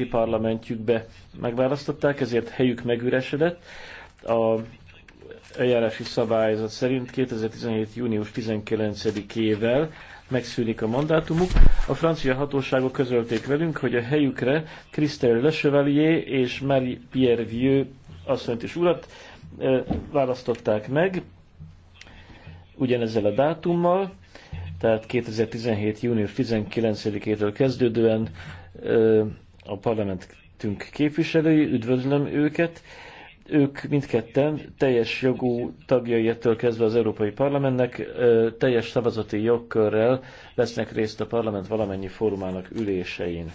ti parlamentjükbe megválasztották, ezért helyük megüresedett. A eljárási szabályzat szerint 2017. június 19-ével megszűnik a mandátumuk. A francia hatóságok közölték velünk, hogy a helyükre Christelle Chevalier és Marie-Pierre Vieux asszonyt és urat választották meg, ugyanezzel a dátummal, tehát 2017. június 19-től kezdődően a parlamentünk képviselői, üdvözlöm őket. Ők mindketten teljes jogú tagjai ettől kezdve az Európai Parlamentnek, teljes szavazati jogkörrel vesznek részt a parlament valamennyi fórumának ülésein.